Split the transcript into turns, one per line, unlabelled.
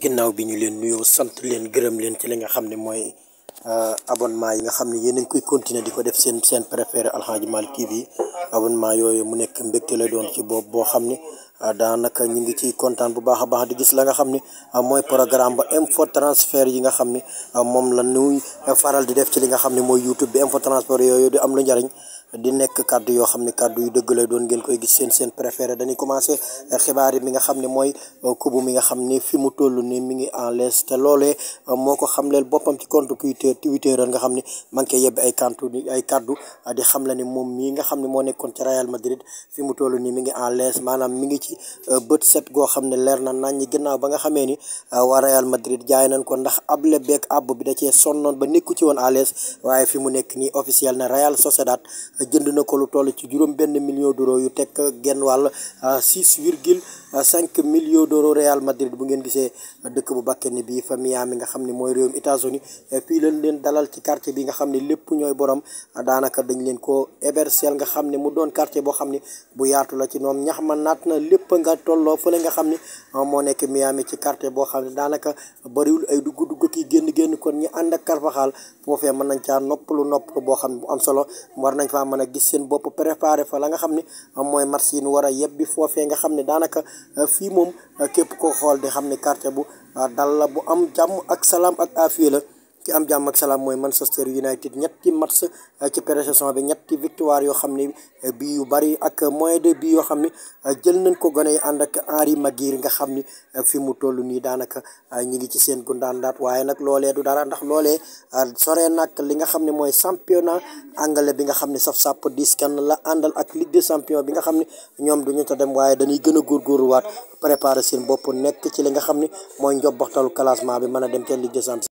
ginnaaw bi ñu leen nuyoo sant leen gërëm leen ci li nga xam ne mooy euh, abonnement yi nga xam ne yéen a ngi koy continuer di ko def seen seen préféré Aladji Malick TV abonnement yooyu mu nekk mbégte lay doon ci boobu boo xam ne euh, daanaka ñu ngi ciy kontaan bu baax a baax di gis la nga xam ne euh, mooy programme ba info yi nga xam ne moom la ñuy faral di def ci li nga xam ne mooy YouTube bi info transfert yooyu di am lu njariñ di nekk kaddu yoo xam ne kaddu yu dëgg lay doon ngeen koy gis seen seen préféré dañuy commencé euh, xibaar yi mi nga xam ne mooy euh, kubu mi nga xam ne fi mu toll ni mi ngi en l'aise te loolee euh, moo ko xamleel boppam ci compte Twitter Twitter nga xam ne maa ngi koy yebbi ay kantu ay kaddu di xam la ni moom mii nga xam ne moo nekkoon ci Real Madrid fi mu toll nii mi ngi en l'aise maanaam mi ngi ci bët set goo xam ne leer na nañ ñi gannaaw ba nga xamee ni waa Real Madrid jaay nañ ko ndax ab beeg àbb bi da cee sonnoon ba nekku ci woon en l'aise waaye fi mu nekk nii officiel na Real Sociedad jënd na ko lu toll ci juróom benn million d'euros yu teg genn wàll 6 ah, virgule 5 ah, million d'euros Real Madrid bu ngeen gisee dëkk bu bakken bi fa Miami nga xam ni mooy réew réewum États-Unis eh, fii lañ leen dalal ci quartier bi nga xam ne lépp ñooy borom ah, daanaka dañ leen ko hébergeel nga xam ne mu doon quartier boo xam ne bu yaatu la ci noonu ñax ma naat na lépp nga tolloo fële nga xam ne moo nekk Miami ci quartier boo xam ne daanaka bariwul ay dugg dugg ki génn génn kon ñi ànd ak Carvajal foofee mën nañ caa noppalu nopp boo xam am solo mën a gis seen bopp préparé fa la nga xam ne mooy match yi nu war a yebbi foofee nga xam ne daanaka euh, fii moom euh, képp ko xool di xam ne quartier bu euh, dal la bu am jàmm ak salaam ak afiya la ki am jàmm ak salaam mooy Manchester United ñetti match eh, ci pré bi ñetti victoire yoo xam ni eh, bi yu bari ak moins de bi yoo xam ne eh, jël nañ ko gone yi ànd ak Henry Maguire nga xam ni fi mu toll nii daanaka ñi ngi ci seen gundaandaat waaye nag loolee du dara ndax loole sore nag li nga xam ne mooy championnat anglais bi nga xam ne saf sàpp dis kan la àndal ak Ligue des champions bi nga xam ne ñoom duñu ta dem waaye dañuy gën a góorgóorluwaat préparer seen bopp nekk ci li nga xam ni mooy njobbaxtalu classement bi mën a dem ca Ligue des champions